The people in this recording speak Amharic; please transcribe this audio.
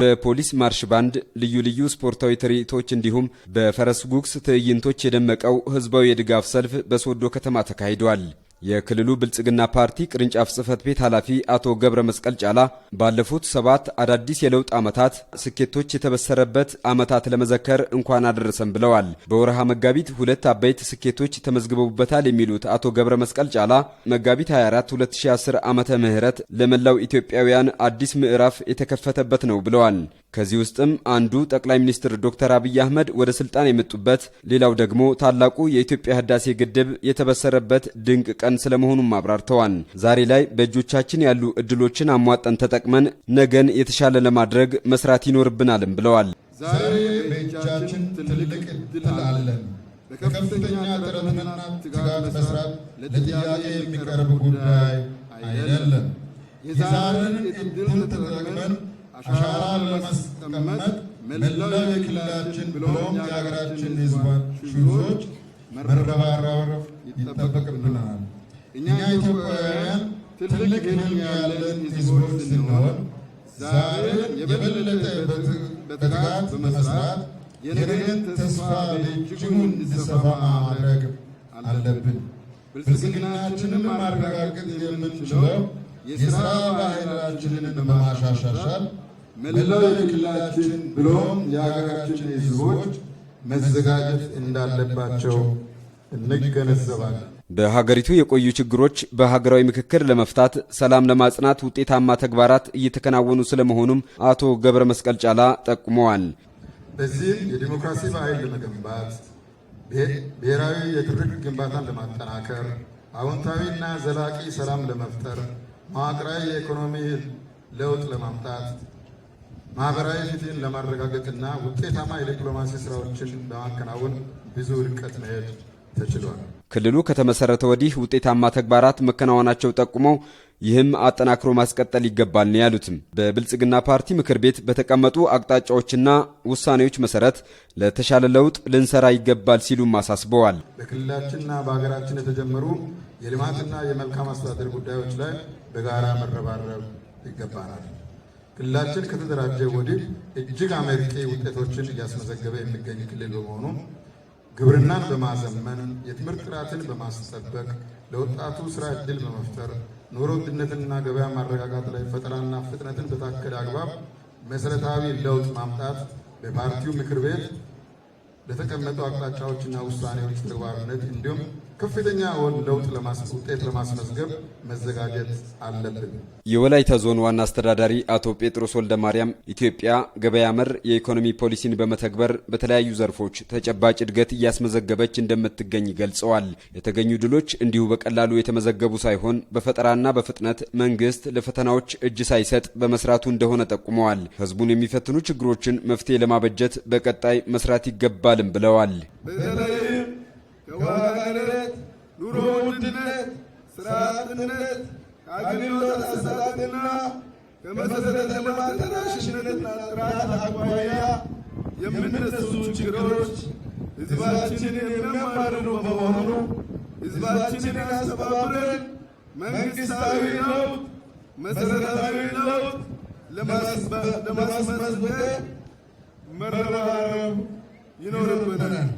በፖሊስ ማርሽ ባንድ፣ ልዩ ልዩ ስፖርታዊ ትርኢቶች እንዲሁም በፈረስ ጉግስ ትዕይንቶች የደመቀው ህዝባዊ የድጋፍ ሰልፍ በሶዶ ከተማ ተካሂዷል። የክልሉ ብልጽግና ፓርቲ ቅርንጫፍ ጽህፈት ቤት ኃላፊ አቶ ገብረ መስቀል ጫላ ባለፉት ሰባት አዳዲስ የለውጥ ዓመታት ስኬቶች የተበሰረበት ዓመታት ለመዘከር እንኳን አደረሰን ብለዋል። በወረሃ መጋቢት ሁለት አበይት ስኬቶች ተመዝግበውበታል የሚሉት አቶ ገብረ መስቀል ጫላ መጋቢት 24 2010 ዓመተ ምህረት ለመላው ኢትዮጵያውያን አዲስ ምዕራፍ የተከፈተበት ነው ብለዋል። ከዚህ ውስጥም አንዱ ጠቅላይ ሚኒስትር ዶክተር አብይ አህመድ ወደ ስልጣን የመጡበት፣ ሌላው ደግሞ ታላቁ የኢትዮጵያ ህዳሴ ግድብ የተበሰረበት ድንቅ ቀን ስለመሆኑም አብራርተዋል። ዛሬ ላይ በእጆቻችን ያሉ እድሎችን አሟጠን ተጠቅመን ነገን የተሻለ ለማድረግ መስራት ይኖርብናልም ብለዋል። ዛሬ በእጃችን ትልቅ እድል አለን። በከፍተኛ ጥረትና ትጋት መስራት ለጥያቄ የሚቀርብ ጉዳይ አይደለም። የዛሬን እድል ተጠቅመን አሻራ ለማስቀመጥ መላው የክልላችን ብሎም የሀገራችን ሕዝቦች መረባረብ ይጠበቅብናል። እኛ ኢትዮጵያውያን ትልቅ ህልም ያለን ሕዝቦች ስንሆን ዛሬ የበለጠ በትጋት በመስራት የነገን ተስፋ በእጅጉ እንዲሰፋ ማድረግ አለብን። ብልጽግናችንን ማረጋገጥ የምንችለው የሥራ ባህላችንን በማሻሻል መላው የክልላችን ብሎም የሀገራችን መዘጋጀት እንዳለባቸው እንገነዘባለን። በሀገሪቱ የቆዩ ችግሮች በሀገራዊ ምክክር ለመፍታት ሰላም ለማጽናት ውጤታማ ተግባራት እየተከናወኑ ስለመሆኑም አቶ ገብረ መስቀል ጫላ ጠቁመዋል። በዚህም የዲሞክራሲ ባህል ለመገንባት ብሔራዊ የትርክ ግንባታን ለማጠናከር አዎንታዊና ዘላቂ ሰላም ለመፍጠር መዋቅራዊ የኢኮኖሚ ለውጥ ለማምጣት ማህበራዊ ፍትህን ለማረጋገጥና ውጤታማ የዲፕሎማሲ ስራዎችን ለማከናወን ብዙ ርቀት መሄድ ተችሏል። ክልሉ ከተመሰረተ ወዲህ ውጤታማ ተግባራት መከናወናቸው ጠቁመው ይህም አጠናክሮ ማስቀጠል ይገባል ነው ያሉትም። በብልጽግና ፓርቲ ምክር ቤት በተቀመጡ አቅጣጫዎችና ውሳኔዎች መሰረት ለተሻለ ለውጥ ልንሰራ ይገባል ሲሉም አሳስበዋል። በክልላችንና በሀገራችን የተጀመሩ የልማትና የመልካም አስተዳደር ጉዳዮች ላይ በጋራ መረባረብ ይገባናል። ክልላችን ከተደራጀ ወዲህ እጅግ አመርቂ ውጤቶችን እያስመዘገበ የሚገኝ ክልል በመሆኑ ግብርናን በማዘመን የትምህርት ጥራትን በማስጠበቅ ለወጣቱ ስራ እድል በመፍጠር ኑሮ ውድነትንና ገበያ ማረጋጋት ላይ ፈጠራና ፍጥነትን በታከለ አግባብ መሰረታዊ ለውጥ ማምጣት በፓርቲው ምክር ቤት ለተቀመጡ አቅጣጫዎችና ውሳኔዎች ተግባርነት እንዲሁም ከፍተኛ የሆነ ለውጥ ውጤት ለማስመዝገብ መዘጋጀት አለብን። የወላይታ ዞን ዋና አስተዳዳሪ አቶ ጴጥሮስ ወልደ ማርያም ኢትዮጵያ ገበያ መር የኢኮኖሚ ፖሊሲን በመተግበር በተለያዩ ዘርፎች ተጨባጭ እድገት እያስመዘገበች እንደምትገኝ ገልጸዋል። የተገኙ ድሎች እንዲሁ በቀላሉ የተመዘገቡ ሳይሆን በፈጠራና በፍጥነት መንግስት ለፈተናዎች እጅ ሳይሰጥ በመስራቱ እንደሆነ ጠቁመዋል። ህዝቡን የሚፈትኑ ችግሮችን መፍትሄ ለማበጀት በቀጣይ መስራት ይገባል ይቻልም ብለዋል። በተለይም ከዋጋነት፣ ኑሮ ውድነት፣ ስራ አጥነት፣ ከአገልግሎት አሰጣጥና ከመሰረተ ልማት ተደራሽነትና ጥራት አኳያ የምነሱ ችግሮች ህዝባችን የሚያማርሩ በመሆኑ ህዝባችንን አስተባብረን መንግስታዊ ለውጥ፣ መሰረታዊ ለውጥ ለማስመዝገብ መረባ You know, what I the banana.